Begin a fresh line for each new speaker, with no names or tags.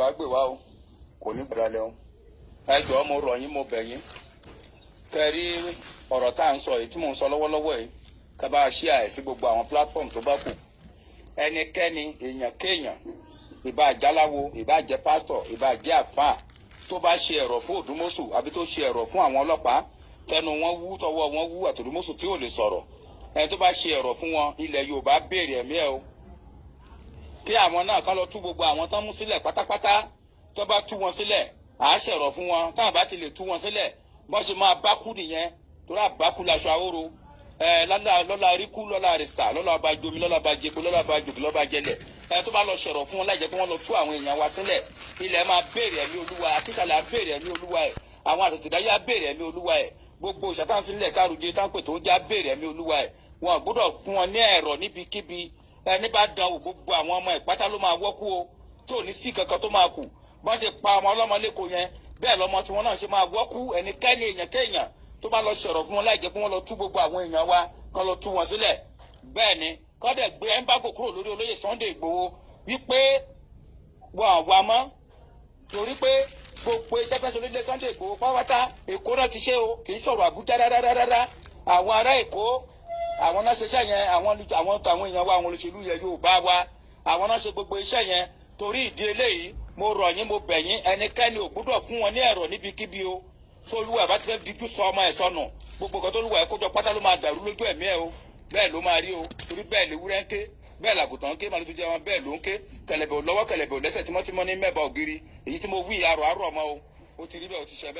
wá gbè wá o kò ní gbàdálẹ̀ o ẹ jọ̀ọ́ mo rọ̀ yín mo bẹ̀ yín kẹ rí tá à ń sọ yìí tí mò ń sọ lọ́wọ́lọ́wọ́ yìí ká bá a ṣí àyè sí gbogbo àwọn platform tó bá kù ẹnikẹ́ni èèyàn kéèyàn ìbá àjáláwo ìbá jẹ́ pásítọ̀ ìbá jẹ́ àfáà tó bá ṣe ẹ̀rọ̀ fún òdúmọ̀sù àbí tó ṣe ẹ̀rọ̀ fún àwọn ọlọ́pàá tẹnu wọn wú tọwọ́ wọn wú àtòdúmọ̀sù tí ò lè sọ̀rọ̀ ẹni tó bá ṣe ẹ̀rọ̀ fún wọn ilẹ̀ Yorùbá béèrè ẹ̀mí ẹ̀ o kí àwọn náà kán lọ tú gbogbo àwọn tán mú sílẹ̀ pátápátá tó bá tú wọn sílẹ̀ àá ṣẹ̀rọ̀ fún wọn tá àbá ti lè tú wọn sílẹ̀ bọ́n ṣe máa bákú nìyẹn torí àbákú laṣọ ahóró ẹ lọ́la lọ́la ríkú lọ́la rìsà lọ́la ọba jomi lọ́la ọba jẹko lọ́la ọba jòkè lọ́ba jẹlẹ̀ ẹ tó bá lọ ṣẹ̀rọ̀ fún wọn láì jẹ́ kí wọ́n lọ tú àwọn èèyàn wa sílẹ̀ ilẹ̀ máa béèrè ẹ̀mí olúwa akíkalẹ̀ á béèrè ẹ̀mí olúwa ẹ̀ àwọn àtẹ̀tẹ̀dáyà béèrè ẹ̀mí olúwa ẹ̀ gbogbo ìṣàtànsílẹ̀ kárùjẹ táǹpẹ̀ tó ń já béèrè ẹ̀mí olúwa ẹ̀ wọn gbọ́dọ̀ fún wọn ní ẹ̀rọ níbikíbi ẹni bá da wò gbogbo àwọn ọmọ ìpátá ló máa wọ́kú o tó ní sí kankan tó máa kù bọ́n ṣe pa ọmọ ọlọ́mọ lẹ́kọ̀ọ́ yẹn bẹ́ẹ̀ lọ́mọ tí wọ́n náà ṣe máa wọ́kú ẹnikẹ́ni èèyàn kéèyàn tó bá lọ sọ̀rọ̀ fún wọn láì jẹ́ pé wọ́n lọ tú gbogbo àwọn èèyàn wa kan lọ tú wọn sílẹ̀ bẹ́ẹ̀ ni kọ́dẹ̀ gbé ẹ́ńbàgò kúrò lórí olóyè Sunday Ìgbòho wípé wọn àwa mọ́ torí pé gbogbo iṣẹ́ fẹ́ sọ nílé Sunday Ìgbòho pátá Èkó náà ti ṣe o kì í sọ̀rọ̀ Àbújá rárá àwọn ará Èkó àwọn náà ṣiṣẹ́ yẹn àwọn àwọn àwọn èèyàn wa àwọn olóṣèlú yẹn yóò bá wa àwọn náà ṣe gbogbo iṣẹ́ yẹn torí ìdí eléyìí mo rọ̀ yín mo bẹ̀ yín ẹnikẹ́ni ò gbúdọ̀ fún wọn ní ẹ̀rọ níbikíbi o tólúwa bá ti fẹ́ dijú sọ ọmọ ẹ̀ sọnù gbogbo nǹkan tólúwa ẹ̀ kójọ pátá ló máa dàrú lójú ẹ̀mí ẹ̀ o bẹ́ẹ̀ ló máa rí o torí bẹ́ẹ̀ lè wúrẹ́ ń ké bẹ́ẹ̀ làgùtàn ń ké màlúù tó jẹ́ wọn bẹ́ẹ̀ ló ń ké kẹlẹ̀bẹ̀ ò lọ́wọ́ kẹlẹ̀bẹ̀ ò lẹ́sẹ̀ tímọ́tímọ́ ní mẹ́bà ògiri èyí tí mo wí àrò àrò ọmọ o ó ti rí bẹ́ẹ̀ ó ti ṣe